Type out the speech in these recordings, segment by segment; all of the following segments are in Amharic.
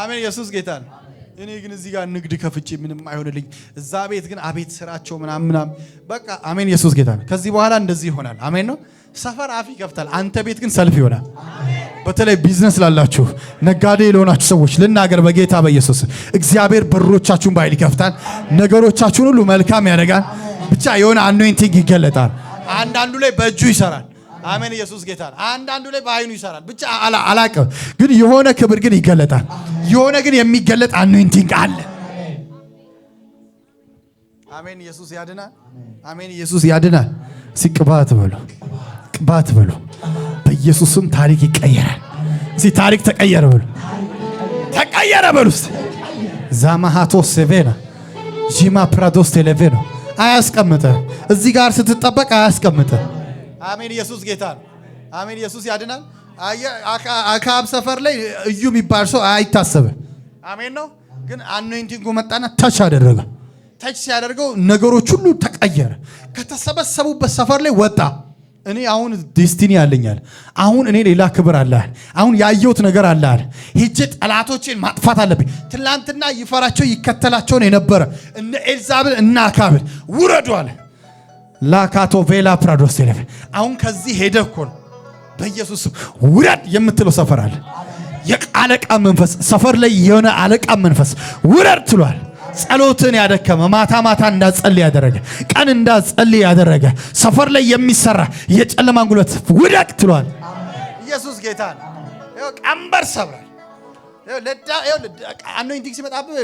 አሜን። ኢየሱስ ጌታ ነው። እኔ ግን እዚህ ጋር ንግድ ከፍቼ ምንም አይሆንልኝ። እዛ ቤት ግን አቤት ስራቸው ምናምናም በቃ አሜን። ኢየሱስ ጌታ ነው። ከዚህ በኋላ እንደዚህ ይሆናል። አሜን ነው። ሰፈር አፍ ይከፍታል። አንተ ቤት ግን ሰልፍ ይሆናል። በተለይ ቢዝነስ ላላችሁ ነጋዴ ለሆናችሁ ሰዎች ልናገር በጌታ በኢየሱስ እግዚአብሔር በሮቻችሁን በኃይል ይከፍታል። ነገሮቻችሁን ሁሉ መልካም ያደርጋል። ብቻ የሆነ አኖይንቲንግ ይገለጣል። አንዳንዱ ላይ በእጁ ይሰራል። አሜን። ኢየሱስ ጌታ ነው። አንዳንዱ ላይ በአይኑ ይሰራል ብቻ አላቅም፣ ግን የሆነ ክብር ግን ይገለጣል። የሆነ ግን የሚገለጥ አኖይንቲንግ አለ። አሜን። ኢየሱስ ያድናል። አሜን። ኢየሱስ ያድናል። ሲቅባት በሉ ቅባት በሉ። በኢየሱስም ታሪክ ይቀየራል። ሲ ታሪክ ተቀየረ በሉ ተቀየረ በሉ። ዛማሃቶ ሴቬና ጂማ ፕራዶስ ቴሌቬ ነው። አያስቀምጠ እዚህ ጋር ስትጠበቅ አያስቀምጠ አሜን። ኢየሱስ ጌታ ነው። አሜን። ኢየሱስ ያድናል። አካብ ሰፈር ላይ እዩ የሚባል ሰው አይታሰበ። አሜን ነው። ግን አኖይንቲንጉ መጣና ታች አደረገ። ታች ሲያደርገው ነገሮች ሁሉ ተቀየረ። ከተሰበሰቡበት ሰፈር ላይ ወጣ። እኔ አሁን ዴስቲኒ አለኛል። አሁን እኔ ሌላ ክብር አለ። አሁን ያየሁት ነገር አለ። ሄጄ ጠላቶችን ማጥፋት አለብኝ። ትላንትና ይፈራቸው ይከተላቸውን የነበረ እነ ኤልዛቤል እና አካብል ውረዱ አለ። ላካቶ ቬላ ፕራዶስ ቴሌፍ አሁን ከዚህ ሄደ እኮ ነው። በኢየሱስ ውረድ የምትለው ሰፈር አለ። የአለቃ መንፈስ ሰፈር ላይ የሆነ አለቃ መንፈስ ውረድ ትሏል። ጸሎትን ያደከመ ማታ ማታ እንዳጸል ያደረገ ቀን እንዳጸል ያደረገ ሰፈር ላይ የሚሰራ የጨለማን ጉልበት ውደቅ ትሏል። ኢየሱስ ጌታ ነው። ቀንበር ሰብራል። አንዲንግ ሲመጣብህ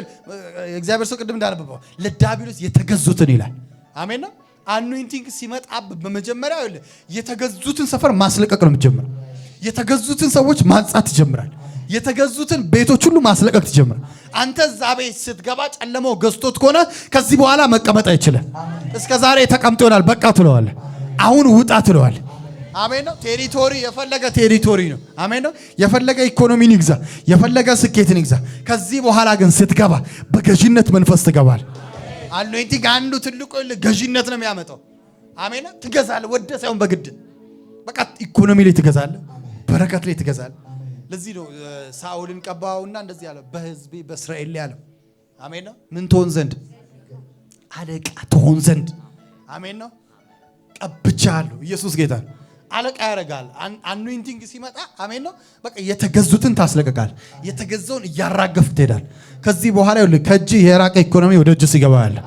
እግዚአብሔር ሰው ቅድም እንዳነበበው ለዳቢሎስ የተገዙትን ይላል። አሜን ነው አኖይንቲንግ ሲመጣ በመጀመሪያ የተገዙትን ሰፈር ማስለቀቅ ነው የምትጀምረው። የተገዙትን ሰዎች ማንጻት ትጀምራል። የተገዙትን ቤቶች ሁሉ ማስለቀቅ ትጀምራል። አንተ እዛ ቤት ስትገባ ጨለማው ገዝቶት ከሆነ ከዚህ በኋላ መቀመጥ አይችልም። እስከ ዛሬ ተቀምጦ ይሆናል። በቃ ትለዋል። አሁን ውጣ ትለዋል። አሜን ነው። ቴሪቶሪ የፈለገ ቴሪቶሪ ነው። አሜን ነው። የፈለገ ኢኮኖሚን ይግዛ፣ የፈለገ ስኬትን ይግዛ። ከዚህ በኋላ ግን ስትገባ በገዥነት መንፈስ ትገባል። አኖይንቲንግ አንዱ ትልቁ ገዥነት ነው የሚያመጣው። አሜና ትገዛለ፣ ወደ ሳይሆን በግድ በቃ ኢኮኖሚ ላይ ትገዛለ፣ በረከት ላይ ትገዛለ። ለዚህ ነው ሳኦልን ቀባውና እንደዚህ ያለ በህዝቤ በእስራኤል ላይ ያለው። አሜን ነው ምን ትሆን ዘንድ አለቃ ትሆን ዘንድ አሜን ነው ቀብቻለሁ። ኢየሱስ ጌታ ነው። አለቃ ያደርጋል። አኖይንቲንግ ሲመጣ አሜን ነው። በቃ የተገዙትን ታስለቀቃል። የተገዘውን እያራገፍ ትሄዳል። ከዚህ በኋላ ይኸውልህ የራቀ ኢኮኖሚ ወደ እጅ ሲገባ ያለ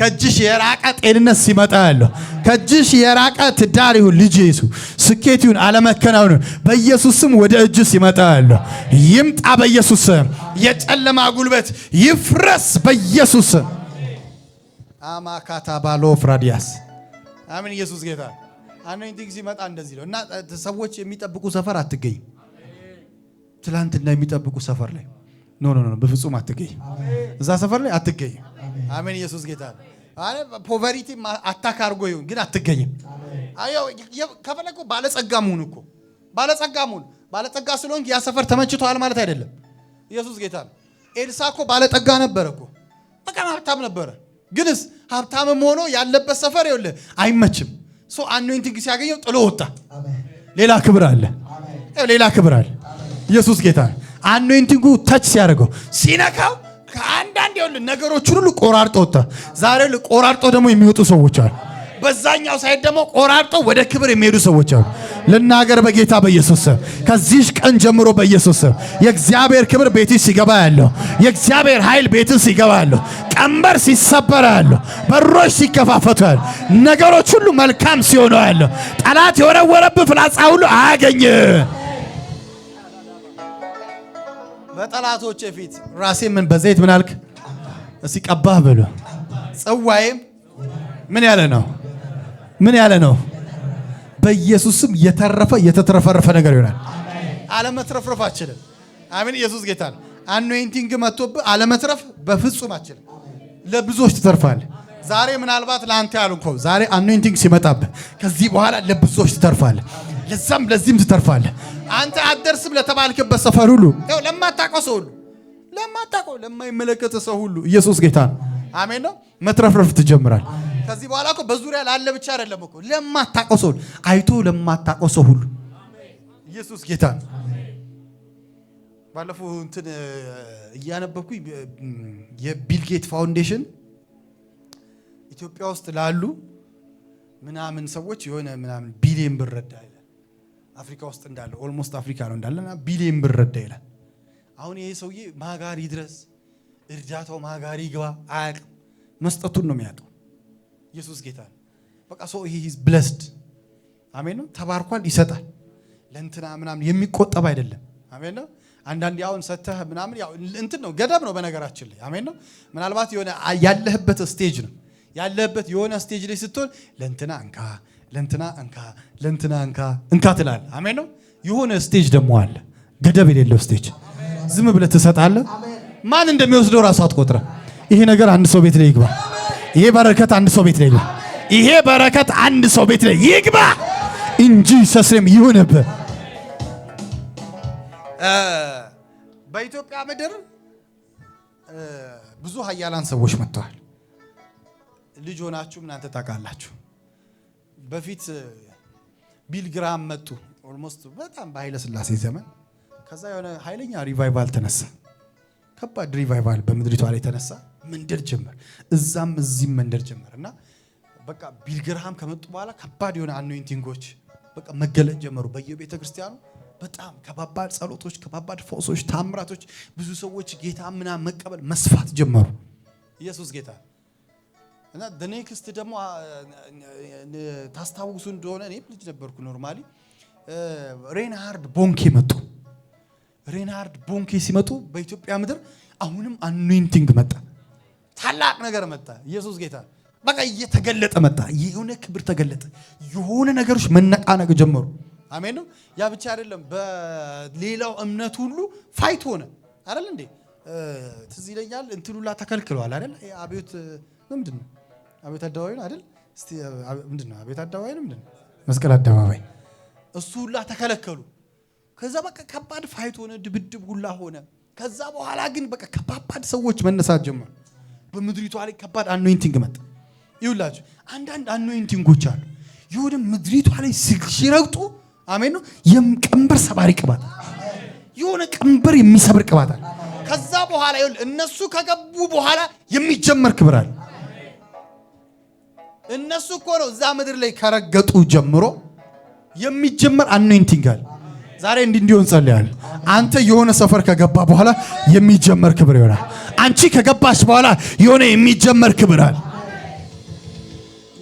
ከእጅሽ የራቀ ጤንነት ሲመጣ ያለው ከእጅሽ የራቀ ትዳር ይሁን ልጅ ይሱ ስኬት ይሁን አለመከናወን በኢየሱስ ወደ እጅ ሲመጣ ያለው ይምጣ በኢየሱስ ስም። የጨለማ ጉልበት ይፍረስ በኢየሱስ ስም። አማካታ ባሎ ፍራዲያስ አሜን። ኢየሱስ ጌታ አኖይንቲንግ ሲመጣ እንደዚህ ነው እና ሰዎች የሚጠብቁ ሰፈር አትገኝ። ትላንትና የሚጠብቁ ሰፈር ላይ ኖ ኖ ኖ፣ በፍጹም አትገኝ። እዛ ሰፈር ላይ አትገኝ። አሜን። ኢየሱስ ጌታ ነው። አረ ፖቨሪቲ አታካርጎ ይሁን ግን አትገኝም። አየው ከፈለኩ ባለጸጋ መሆን እኮ ባለጸጋ መሆን ባለጸጋ ስለሆንክ ያ ሰፈር ተመችቷል ማለት አይደለም። ኢየሱስ ጌታ ነው። ኤልሳ እኮ ባለጠጋ ነበረ እኮ በጣም ሀብታም ነበረ። ግንስ ሀብታምም ሆኖ ያለበት ሰፈር ይኸውልህ አይመችም። ሰው አኖይንቲንግ ሲያገኘው ጥሎ ወጣ። ሌላ ክብር አለ፣ ሌላ ክብር አለ። ኢየሱስ ጌታ ነው። አኖይንቲንጉ ተች ሲያደርገው ሲነካው ከአንዳንድ ነገሮችን ሁሉ ቆራርጦ ወጣ። ዛሬ ቆራርጦ ደግሞ የሚወጡ ሰዎች አሉ። በዛኛው ሳይድ ደግሞ ቆራርጠው ወደ ክብር የሚሄዱ ሰዎች አሉ። ልናገር በጌታ በኢየሱስ ስም ከዚህ ቀን ጀምሮ በኢየሱስ ስም የእግዚአብሔር ክብር ቤት ሲገባ ያለው የእግዚአብሔር ኃይል ቤት ሲገባ ያለው ቀንበር ሲሰበር ያለው በሮች ሲከፋፈቱ ያለው ነገሮች ሁሉ መልካም ሲሆኑ ያለው ጠላት የወረወረብህ ፍላጻ ሁሉ አያገኝ። በጠላቶች ፊት ራሴ ምን በዘይት ምን አልክ? እስኪ ቀባህ ብሎ ጽዋዬም ምን ያለ ነው? ምን ያለ ነው? በኢየሱስም የተረፈ የተትረፈረፈ ነገር ይሆናል። አለመትረፍረፍ አችልም። አሜን። ኢየሱስ ጌታ ነው። አኖይንቲንግ መጥቶብህ አለመትረፍ በፍጹም አችልም። ለብዙዎች ትተርፋለህ። ዛሬ ምናልባት ለአንተ ያሉ እኮ ዛሬ አኖይንቲንግ ሲመጣብህ ከዚህ በኋላ ለብዙዎች ትተርፋለህ። ለዛም ለዚህም ትተርፋለህ። አንተ አትደርስም ለተባልክበት ሰፈር ሁሉ ያው ለማታውቀው ሰው ሁሉ ለማታውቀው ለማይመለከት ሰው ሁሉ ኢየሱስ ጌታ ነው። አሜን ነው። መትረፍረፍ ትጀምራል። ከዚህ በኋላ እኮ በዙሪያ ላለ ብቻ አይደለም እኮ ለማታውቀው ሰው አይቶ ለማታውቀው ሰው ሁሉ ኢየሱስ ጌታ ነው። ባለፈው እንትን እያነበብኩኝ የቢልጌት ፋውንዴሽን ኢትዮጵያ ውስጥ ላሉ ምናምን ሰዎች የሆነ ምናምን ቢሊየን ብር ረዳ ይላል። አፍሪካ ውስጥ እንዳለ ኦልሞስት አፍሪካ ነው እንዳለና ቢሊየን ብር ረዳ ይላል። አሁን ይሄ ሰውዬ ማጋሪ ድረስ እርዳታው ማጋሪ ግባ አያውቅም። መስጠቱን ነው የሚያውቀው። ኢየሱስ ጌታ ነው። በቃ ሰው ይሄ ሂዝ ብለስድ አሜን ነው። ተባርኳል፣ ይሰጣል። ለእንትና ምናምን የሚቆጠብ አይደለም። አሜን ነው። አንዳንድ አሁን ሰተህ ምናምን ያው እንትን ነው ገደብ ነው በነገራችን ላይ አሜን ነው። ምናልባት የሆነ ያለህበት ስቴጅ ነው ያለህበት የሆነ ስቴጅ ላይ ስትሆን ለእንትና እንካ፣ ለእንትና እንካ፣ ለእንትና እንካ እንካ ትላለ አሜን ነው። የሆነ ስቴጅ ደግሞ አለ፣ ገደብ የሌለው ስቴጅ። ዝም ብለህ ትሰጣለህ። ማን እንደሚወስደው ራሱ አትቆጥረህ። ይሄ ነገር አንድ ሰው ቤት ላይ ይግባል?። ይሄ በረከት አንድ ሰው ቤት ላይ ይሄ በረከት አንድ ሰው ቤት ላይ ይግባ እንጂ ሰስም ይሁንብ። በኢትዮጵያ ምድር ብዙ ሀያላን ሰዎች መጥተዋል። ልጅ ሆናችሁ እናንተ ታውቃላችሁ። በፊት ቢልግራም መጡ። ኦልሞስት በጣም በኃይለ ስላሴ ዘመን ከዛ የሆነ ኃይለኛ ሪቫይቫል ተነሳ። ከባድ ሪቫይቫል በምድሪቷ ላይ ተነሳ። መንደር ጀመር፣ እዛም እዚህም መንደር ጀመር እና በቃ ቢልግርሃም ከመጡ በኋላ ከባድ የሆነ አኖይንቲንጎች በቃ መገለጥ ጀመሩ በየቤተ ክርስቲያኑ በጣም ከባባድ ጸሎቶች፣ ከባባድ ፎሶች፣ ታምራቶች ብዙ ሰዎች ጌታ ምና መቀበል መስፋት ጀመሩ። ኢየሱስ ጌታ እና ደኔክስት ደግሞ ታስታውሱ እንደሆነ እኔ ልጅ ነበርኩ። ኖርማሊ ሬንሃርድ ቦንኬ መጡ። ሬንሃርድ ቦንኬ ሲመጡ በኢትዮጵያ ምድር አሁንም አኖይንቲንግ መጣ። ታላቅ ነገር መጣ። ኢየሱስ ጌታ በቃ እየተገለጠ መጣ። የሆነ ክብር ተገለጠ። የሆነ ነገሮች መነቃነቅ ጀመሩ። አሜን ነው። ያ ብቻ አይደለም። በሌላው እምነት ሁሉ ፋይት ሆነ አይደል እንዴ? ትዝ ይለኛል እንትኑ ሁላ ተከልክለዋል አይደል? አቤት ምንድን ነው አቤት አደባባይ ነው አይደል? እስቲ ምንድን ነው አቤት አደባባይ ነው ምንድን ነው መስቀል አደባባይ እሱ ሁላ ተከለከሉ። ከዛ በቃ ከባድ ፋይት ሆነ፣ ድብድብ ሁላ ሆነ። ከዛ በኋላ ግን በቃ ከባባድ ሰዎች መነሳት ጀመሩ። በምድሪቷ ላይ ከባድ አኖይንቲንግ መጣ። ይውላችሁ አንዳንድ አኖይንቲንጎች አሉ። ይሁድም ምድሪቷ ላይ ሲረግጡ አሜን ነው የቀንበር ሰባሪ ቅባት የሆነ ቀንበር የሚሰብር ቅባት አለ። ከዛ በኋላ እነሱ ከገቡ በኋላ የሚጀመር ክብር አለ። እነሱ እኮ ነው እዛ ምድር ላይ ከረገጡ ጀምሮ የሚጀመር አኖይንቲንግ አለ። ዛሬ እንዲህ እንዲሆን ጸልያለሁ። አንተ የሆነ ሰፈር ከገባ በኋላ የሚጀመር ክብር ይሆናል። አንቺ ከገባሽ በኋላ የሆነ የሚጀመር ክብር አለ።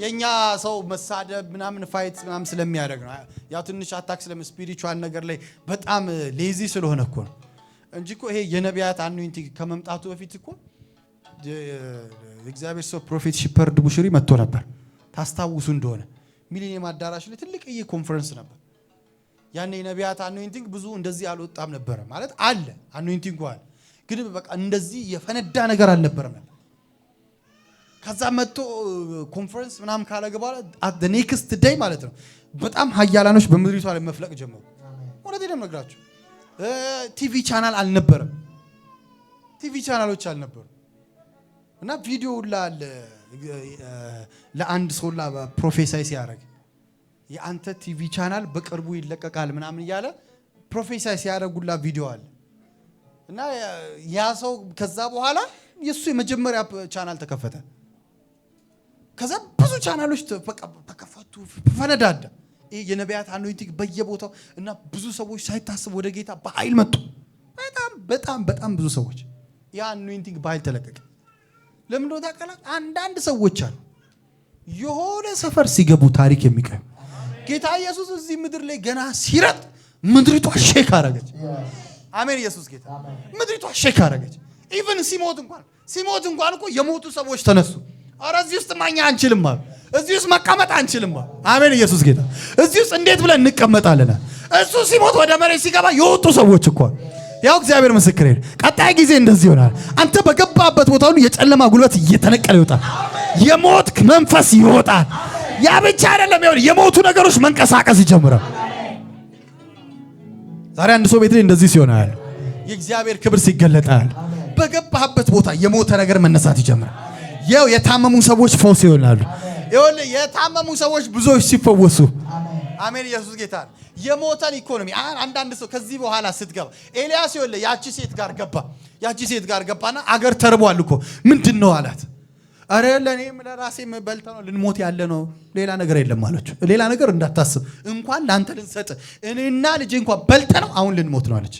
የእኛ ሰው መሳደብ ምናምን ፋይት ምናምን ስለሚያደርግ ነው። ያው ትንሽ አታክ ስለም ስፒሪቹዋል ነገር ላይ በጣም ሌዚ uh, ስለሆነ እኮ ነው እንጂ እኮ ይሄ የነቢያት አኖይንቲንግ ከመምጣቱ በፊት እኮ የእግዚአብሔር uh, ሰው ፕሮፌት ሽፐርድ ቡሽሪ መጥቶ ነበር። ታስታውሱ እንደሆነ ሚሊኒየም አዳራሽ ላይ ትልቅዬ ኮንፈረንስ ነበር። ያኔ የነቢያት አኖይንቲንግ ብዙ እንደዚህ አልወጣም ነበረ። ማለት አለ አኖይንቲንግ ዋል ግን በቃ እንደዚህ የፈነዳ ነገር አልነበረም ነበር። ከዛ መጥቶ ኮንፈረንስ ምናምን ካለገ በኋላ አት ኔክስት ደይ ማለት ነው በጣም ሀያላኖች በምድሪቷ ላይ መፍለቅ ጀመሩ። እውነት ደም ነግራቸው ቲቪ ቻናል አልነበረም። ቲቪ ቻናሎች አልነበሩ እና ቪዲዮ ላለ ለአንድ ሶላ ፕሮፌሳይ ሲያደርግ የአንተ ቲቪ ቻናል በቅርቡ ይለቀቃል ምናምን እያለ ፕሮፌሳ ሲያደርጉላ ቪዲዮ አለ እና ያ ሰው ከዛ በኋላ የእሱ የመጀመሪያ ቻናል ተከፈተ። ከዛ ብዙ ቻናሎች ተከፈቱ፣ ፈነዳዳ። ይህ የነቢያት አኖይንቲንግ በየቦታው እና ብዙ ሰዎች ሳይታስብ ወደ ጌታ በኃይል መጡ። በጣም በጣም በጣም ብዙ ሰዎች ያ አኖይንቲንግ በኃይል ተለቀቀ። ለምንድነው ታውቃላችሁ? አንዳንድ ሰዎች አሉ የሆነ ሰፈር ሲገቡ ታሪክ የሚቀዩ ጌታ ኢየሱስ እዚህ ምድር ላይ ገና ሲረጥ ምድሪቷ ሼክ አረገች። አሜን። ኢየሱስ ጌታ ምድሪቷ ሼክ አረገች። ኢቨን ሲሞት እንኳን ሲሞት እንኳን እኮ የሞቱ ሰዎች ተነሱ። አረ እዚህ ውስጥ ማኛ አንችልም አሉ። እዚህ ውስጥ መቀመጥ አንችልም አሉ። አሜን። ኢየሱስ ጌታ እዚህ ውስጥ እንዴት ብለን እንቀመጣለን? እሱ ሲሞት ወደ መሬት ሲገባ የወጡ ሰዎች እኮ ያው እግዚአብሔር ምስክሬ ቀጣይ ጊዜ እንደዚህ ይሆናል። አንተ በገባበት ቦታ ሁሉ የጨለማ ጉልበት እየተነቀለ ይወጣል። የሞት መንፈስ ይወጣል። ያ ብቻ አይደለም፣ ይሁን የሞቱ ነገሮች መንቀሳቀስ ይጀምራል። ዛሬ አንድ ሰው ቤት ላይ እንደዚህ ሲሆናል፣ የእግዚአብሔር ክብር ሲገለጣል። በገባህበት ቦታ የሞተ ነገር መነሳት ይጀምራል። ይኸው የታመሙ ሰዎች ፈውስ ይሆናሉ። ይሁን የታመሙ ሰዎች ብዙዎች ሲፈወሱ፣ አሜን። ኢየሱስ ጌታ የሞተን ኢኮኖሚ አንዳንድ ሰው ከዚህ በኋላ ስትገባ ኤልያስ ይኸውልህ ያቺ ሴት ጋር ገባ፣ ያቺ ሴት ጋር ገባና አገር ተርቧል እኮ ምንድን ነው አላት አረ ለእኔም ለራሴም በልተ ነው ልንሞት ያለ ነው፣ ሌላ ነገር የለም አለች። ሌላ ነገር እንዳታስብ እንኳን ለአንተ ልንሰጥ እኔና ልጅ እንኳን በልተ ነው አሁን ልንሞት ነው አለች።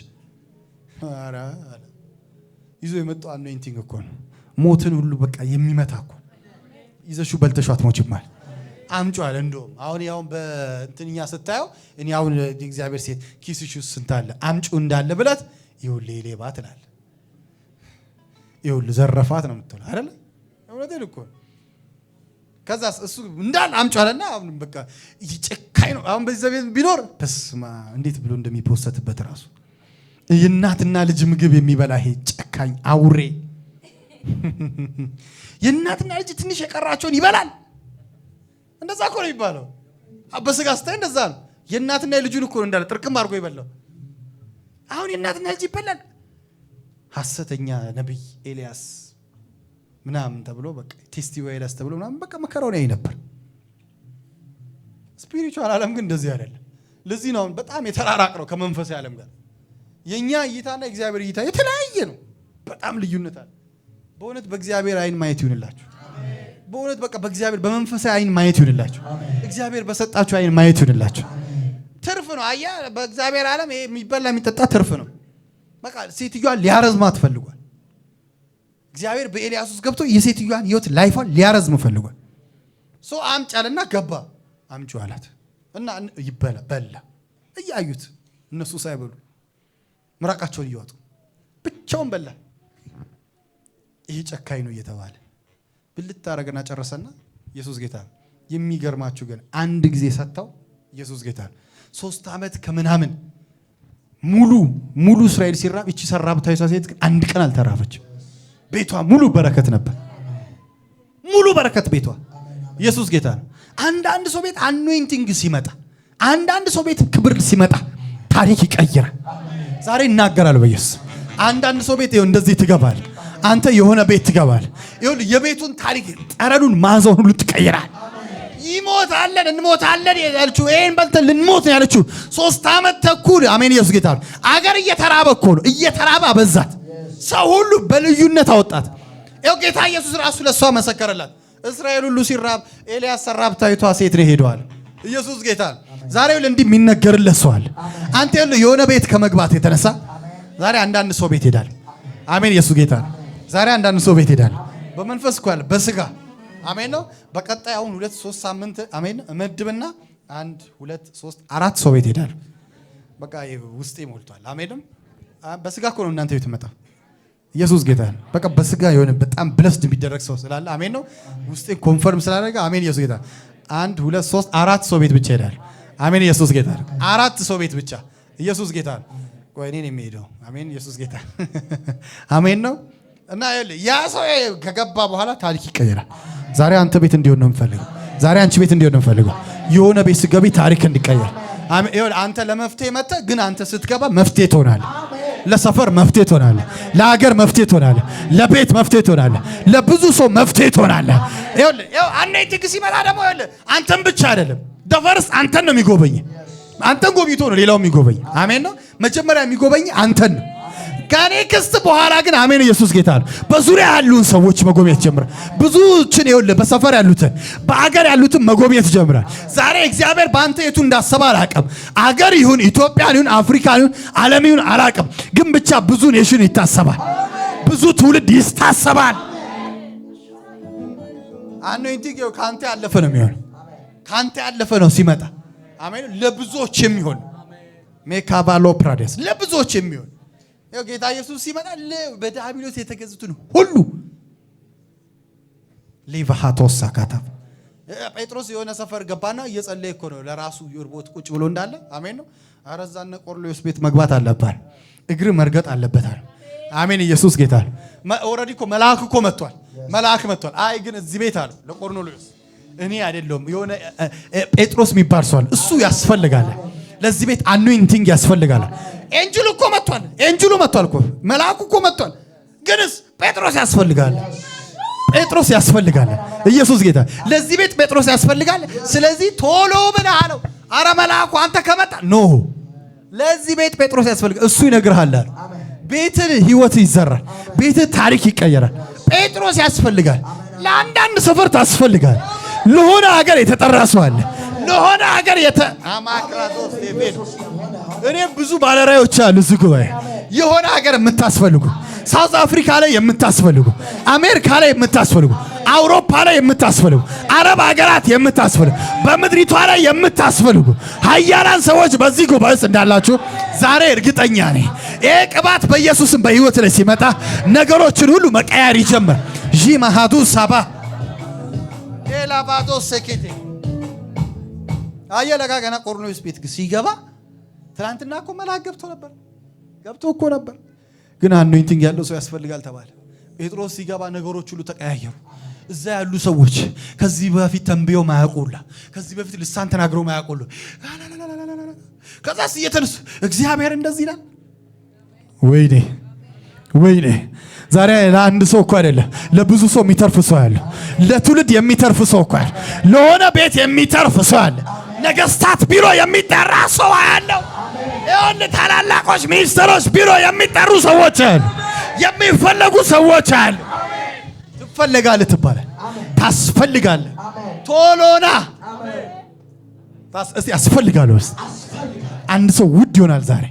ይዞ የመጣው አኖይንቲንግ እኮ ነው ሞትን ሁሉ በቃ የሚመታ እኮ ይዘሹ በልተሹ አትሞችማል አምጮ አለ። እንደውም አሁን ያሁን በእንትንኛ ስታየው እኔ አሁን እግዚአብሔር ሴት ኪስሽ ውስጥ ስንታለ አምጩ እንዳለ ብለት ይሁን ሌባ ትላል ይሁን ዘረፋት ነው የምትለው አይደለ አብረዴል እኮ ከዛ እሱ እንዳል አምጫለና አሁን በቃ ጨካኝ ነው። አሁን በዚህ ቤት ቢኖር በስማ እንዴት ብሎ እንደሚፖሰትበት ራሱ የእናትና ልጅ ምግብ የሚበላ ይሄ ጨካኝ አውሬ የእናትና ልጅ ትንሽ የቀራቸውን ይበላል። እንደዛ እኮ ነው የሚባለው። በስጋ ስታይ እንደዛ ነው። የእናትና የልጁን እኮ እንዳለ ጥርቅም አድርጎ ይበላው። አሁን የእናትና ልጅ ይበላል። ሐሰተኛ ነቢይ ኤልያስ ምናምን ተብሎ ቴስቲ ወይለስ ተብሎ ምናምን በቃ መከራውን ያይ ነበር። ስፒሪቹዋል ዓለም ግን እንደዚህ አይደለም። ለዚህ ነው በጣም የተራራቅ ነው ከመንፈሳዊ ዓለም ጋር የእኛ እይታና የእግዚአብሔር እይታ የተለያየ ነው። በጣም ልዩነት አለ። በእውነት በእግዚአብሔር አይን ማየት ይሁንላችሁ። በእውነት በቃ በእግዚአብሔር በመንፈሳዊ አይን ማየት ይሁንላችሁ። እግዚአብሔር በሰጣችሁ አይን ማየት ይሁንላችሁ። ትርፍ ነው። አያ በእግዚአብሔር ዓለም ይሄ የሚበላ የሚጠጣ ትርፍ ነው። በቃ ሴትዮዋ ሊያረዝማ ትፈልጓል። እግዚአብሔር በኤልያስ ውስጥ ገብቶ የሴትዮዋን ህይወት ላይፏን ሊያረዝም ፈልጓል። ሶ አምጫልና ገባ አምጩ አላት እና ይበላ በላ እያዩት እነሱ ሳይበሉ ምራቃቸውን እያወጡ ብቻውን በላ። ይሄ ጨካኝ ነው እየተባለ ብልት አረገና ጨረሰና ኢየሱስ ጌታ ነው። የሚገርማችሁ ግን አንድ ጊዜ ሰጥተው ኢየሱስ ጌታ ነው። ሶስት ዓመት ከምናምን ሙሉ ሙሉ እስራኤል ሲራብ ይቺ ሰራብታዊ ሴት ግን አንድ ቀን አልተራፈችም። ቤቷ ሙሉ በረከት ነበር። ሙሉ በረከት ቤቷ። ኢየሱስ ጌታ ነው። አንዳንድ ሰው ቤት አኖይንቲንግ ሲመጣ፣ አንዳንድ ሰው ቤት ክብር ሲመጣ ታሪክ ይቀይራል። ዛሬ ይናገራል በኢየሱስ አንዳንድ ሰው ቤት እንደዚህ ትገባል። አንተ የሆነ ቤት ትገባል። የቤቱን ታሪክ ጠረኑን፣ ማዘውን ሁሉ ትቀይራል። ይሞታለን እንሞታለን ያለችው ይሄን በልተን ልንሞት ነው ያለችው ሶስት ዓመት ተኩል አሜን። ኢየሱስ ጌታ አገር እየተራበ እኮ ነው እየተራበ አበዛት ሰው ሁሉ በልዩነት አወጣት። ይኸው ጌታ ኢየሱስ ራሱ ለእሷ መሰከረላት። እስራኤል ሁሉ ሲራብ ኤልያስ ሰራብታዊቷ ሴት ነው ሄደዋል። ኢየሱስ ጌታ ዛሬ እንዲህ የሚነገርለት ሰው አለ። አንተ የሆነ ቤት ከመግባት የተነሳ ዛሬ አንዳንድ ሰው ቤት ሄዳል። አሜን። ኢየሱስ ጌታ ዛሬ አንዳንድ ሰው ቤት ሄዳል። በመንፈስ እኮ ያለ በስጋ አሜን ነው። በቀጣይ አሁን ሁለት ሶስት ሳምንት አሜን እመድብና አንድ ሁለት ሶስት አራት ሰው ቤት ሄዳል። በቃ ውስጤ ሞልቷል። አሜንም በስጋ እኮ ነው እናንተ ቤት መጣ ኢየሱስ ጌታ ነው። በቃ በስጋ የሆነ በጣም ብለስድ የሚደረግ ሰው ስላለ አሜን ነው ውስጤ ኮንፈርም ስላደረገ አሜን። ኢየሱስ ጌታ አንድ ሁለት ሶስት አራት ሰው ቤት ብቻ ይሄዳል። አሜን። ኢየሱስ ጌታ አራት ሰው ቤት ብቻ ኢየሱስ ጌታ ነው። ቆይ እኔን የሚሄደው አሜን። ኢየሱስ ጌታ አሜን ነው። እና ያ ሰው ከገባ በኋላ ታሪክ ይቀየራል። ዛሬ አንተ ቤት እንዲሆን ነው የምፈልገው። ዛሬ አንቺ ቤት እንዲሆን ነው የምፈልገው። የሆነ ቤት ስገቢ ታሪክ እንዲቀየር አንተ ለመፍትሄ መጥተህ ግን አንተ ስትገባ መፍትሄ ትሆናለህ። ለሰፈር መፍትሄ ትሆናለ ለሀገር መፍትሄ ትሆናለህ። ለቤት መፍትሄ ትሆናለህ። ለብዙ ሰው መፍትሄ ትሆናለ አነ ትግ ሲመጣ ደግሞ አንተን ብቻ አይደለም ደፈርስ አንተን ነው የሚጎበኝ። አንተን ጎብኝቶ ነው ሌላው የሚጎበኝ። አሜን ነው። መጀመሪያ የሚጎበኝ አንተን ነው። ከእኔ ክስት በኋላ ግን አሜን፣ ኢየሱስ ጌታ ነው። በዙሪያ ያሉን ሰዎች መጎብኘት ጀምራል። ብዙዎችን ይኸውልህ፣ በሰፈር ያሉትን በአገር ያሉትን መጎብኘት ጀምራል። ዛሬ እግዚአብሔር በአንተ የቱ እንዳሰበ አላቅም። አገር ይሁን ኢትዮጵያን ይሁን አፍሪካን ይሁን ዓለም ይሁን አላቅም፣ ግን ብቻ ብዙ ኔሽን ይታሰባል፣ ብዙ ትውልድ ይታሰባል። አኖይንቲንግ ከአንተ ያለፈ ነው የሚሆነው። ከአንተ ያለፈ ነው ሲመጣ፣ አሜን። ለብዙዎች የሚሆን ሜካባሎ ፕራዴስ ለብዙዎች የሚሆን ጌታ ኢየሱስ ሲመጣ በዲያብሎስ የተገዙትን ሁሉ ሊቫሃቶስ አካታ ጴጥሮስ የሆነ ሰፈር ገባና እየጸለየ እኮ ነው ለራሱ ርቦት ቁጭ ብሎ እንዳለ አሜን ነው። ኧረ እዛነ ቆርኔሌዎስ ቤት መግባት አለባል፣ እግር መርገጥ አለበታል። አሜን ኢየሱስ ጌታ ነው። ኦልሬዲ እኮ መልአክ እኮ መጥቷል፣ መልአክ መጥቷል። አይ ግን እዚህ ቤት አለ ለቆርኔሌዎስ እኔ አይደለም የሆነ ጴጥሮስ የሚባል ሰዋል እሱ ያስፈልጋለን ለዚህ ቤት አኖይንቲንግ ያስፈልጋል። ኤንጅሉ እኮ መጥቷል። ኤንጅሉ መጥቷል እኮ መልአኩ እኮ መጥቷል። ግንስ ጴጥሮስ ያስፈልጋል። ጴጥሮስ ያስፈልጋል። ኢየሱስ ጌታ። ለዚህ ቤት ጴጥሮስ ያስፈልጋል። ስለዚህ ቶሎ ብለህ አለው። አረ መልአኩ አንተ ከመጣ ኖ ለዚህ ቤት ጴጥሮስ ያስፈልጋል። እሱ ይነግርሃል። ቤትን ህይወት ይዘራል። ቤትን ታሪክ ይቀየራል። ጴጥሮስ ያስፈልጋል። ለአንዳንድ ሰፈር ታስፈልጋል። ለሆነ ሀገር የተጠራ ሰው አለ። ወደሆነ ሀገር የተ እኔ ብዙ ባለራዮች አሉ እዚህ ጉባኤ የሆነ ሀገር የምታስፈልጉ ሳውዝ አፍሪካ ላይ የምታስፈልጉ አሜሪካ ላይ የምታስፈልጉ አውሮፓ ላይ የምታስፈልጉ አረብ ሀገራት የምታስፈልጉ በምድሪቷ ላይ የምታስፈልጉ ሀያላን ሰዎች በዚህ ጉባኤ ውስጥ እንዳላችሁ ዛሬ እርግጠኛ ነኝ። ይሄ ቅባት በኢየሱስም በህይወት ላይ ሲመጣ ነገሮችን ሁሉ መቀያር ይጀምር። ዢ ማሃዱ ሳባ ኤላባዶ ሴኬቴ አየለጋ ገና ቆርኔሌዎስ ቤት ሲገባ ትናንትና እኮ መልአክ ገብቶ ነበር ገብቶ እኮ ነበር፣ ግን አኖይንቲንግ ያለው ሰው ያስፈልጋል ተባለ። ጴጥሮስ ሲገባ ነገሮች ሁሉ ተቀያየሩ። እዛ ያሉ ሰዎች ከዚህ በፊት ተንብዮ ማያውቁላ ከዚህ በፊት ልሳን ተናግረው ማያውቁሉ። ከዛስ እየተነሱ እግዚአብሔር እንደዚህ ይላል። ወይኔ ወይኔ ዛሬ ለአንድ ሰው እኮ አይደለም ለብዙ ሰው የሚተርፍ ሰው ያለ፣ ለትውልድ የሚተርፍ ሰው እኮ ያለ፣ ለሆነ ቤት የሚተርፍ ሰው ያለ ነገስታት ቢሮ የሚጠራ ሰው አያለው። ይሁን ታላላቆች ሚኒስትሮች ቢሮ የሚጠሩ ሰዎች አሉ፣ የሚፈለጉ ሰዎች አሉ። ትፈለጋለህ ትባላል፣ ታስፈልጋለህ። ቶሎና ታስ እስቲ አስፈልጋለሁ። አንድ ሰው ውድ ይሆናል ዛሬ